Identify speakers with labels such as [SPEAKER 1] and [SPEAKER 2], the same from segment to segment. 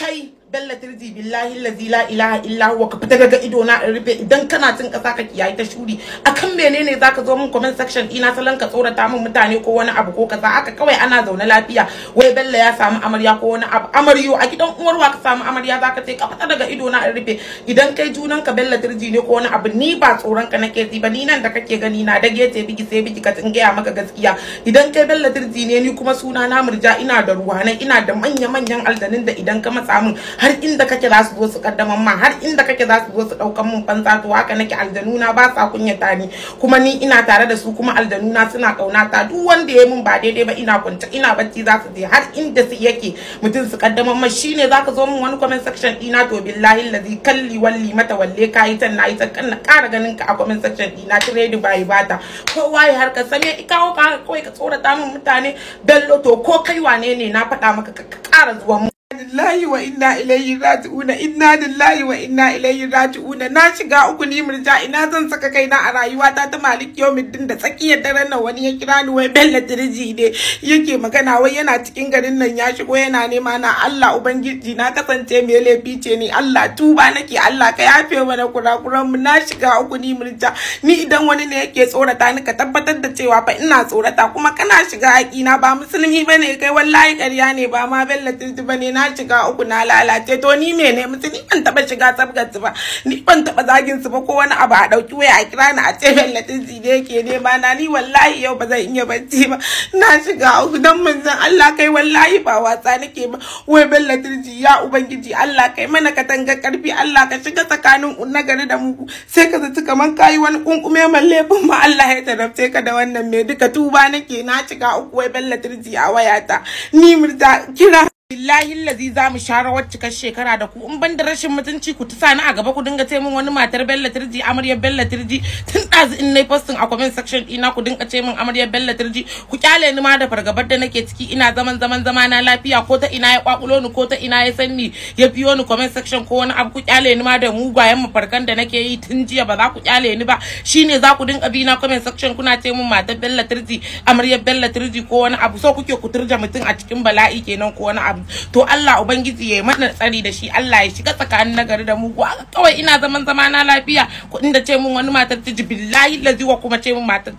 [SPEAKER 1] kai bella tirji billahi allazi la ilaha illa huwa ka fita daga ido na rufe idan kana cin kasa ka kiyaye ta shuri akan menene zaka zo min comment section ina salon ka tsorata min mutane ko wani abu ko kaza haka kawai ana zaune lafiya wai bella ya samu amarya ko wani abu amaryo a gidan uwarwa ka samu amarya zaka ce ka fita daga ido na in rufe idan kai junan ka bella tirji ne ko wani abu ni ba tsoron ka nake ji ba ni nan da kake gani na dage te biki sai biki ka gaya maka gaskiya idan kai bella tirji ne ni kuma suna na murja ina da ruwa na ina da manya manyan aljanin da idan ka matsa mun har inda kake za su zo su kaddaman ma har inda kake za su zo su daukan mun banza to haka nake aljanuna ba sa kunyata ni kuma ni ina tare da su kuma na suna kauna ta duk wanda ya mun ba daidai ba ina kwanta ina bacci za su je har inda su yake mutum su kaddaman ma shine zaka zo mun wani comment section dina to billahi lazi kalli walli mata walle kayi tan nayi ta kan kara ganin ka a comment section dina trade bai bata ko wai ya ka same kawo ka kawai ka tsorata mun mutane dallo to ko kai wane ne na faɗa maka ka kara zuwa lillahi wa inna ilaihi raji'una inna lillahi wa inna ilaihi raji'una na shiga uku ni murja ina zan saka kaina a rayuwa ta ta malik yawmiddin da tsakiyar daren nan wani ya kira ni wai bella dirji ne yake magana wai yana cikin garin nan ya shigo yana nema na Allah ubangiji na kasance me laifi ce ni Allah tuba nake Allah ka yafe mana kurakuran mu na shiga uku ni murja ni idan wani ne yake tsorata ni ka tabbatar da cewa fa ina tsorata kuma kana shiga na ba musulmi bane kai wallahi ƙarya ne ba ma bella dirji bane na na shiga uku na lalace to ni me ne mutu ni ban taba shiga sabgar ba ni ban taba zagin su ba ko wani abu a dauki waya a kira ni a ce latin zine yake nema na ni wallahi yau ba zan iya barci ba na shiga uku dan manzon Allah kai wallahi ba wasa nake ba wai latin ji ya ubangiji Allah kai mana katanga karfi Allah ka shiga tsakanin nagari da mu sai ka zaci kaman kayi wani kunkume mai laifin ma Allah ya tarabce ka da wannan me duka tuba nake na shiga uku wai latin ji a wayata ni murta kira billahi lazi za mu share wacce kan shekara da ku in ban da rashin mutunci ku tusa ni a gaba ku dinga taimun wani matar bella Turji amaryar bella Turji tun ɗazu in nayi posting a comment section ɗina ku dinga ce min amaryar Bello Turji ku kyale ni ma da fargabar da nake ciki ina zaman zaman zama na lafiya ko ta ina ya kwakulo ni ko ta ina ya sanni ya biyo ni comment section ko wani abu ku kyale ni ma da mugayen farkan da nake yi tun jiya ba za ku kyale ni ba shine za ku dinga bi na comment section kuna ce min matar bella Turji amaryar bella Turji ko wani abu so kuke ku turja mutum a cikin bala'i kenan ko wani abu to Allah ubangiji yayi mana tsari da shi Allah ya shiga tsakanin nagari da mugu kawai ina zaman zama na lafiya kuɗin inda ce mun wani matar tiji billahi lazi wa kuma ce mun matar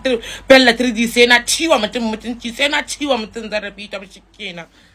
[SPEAKER 1] bella tirji sai na ciwa mutum mutunci sai na ciwa mutum zarafi ta shi kenan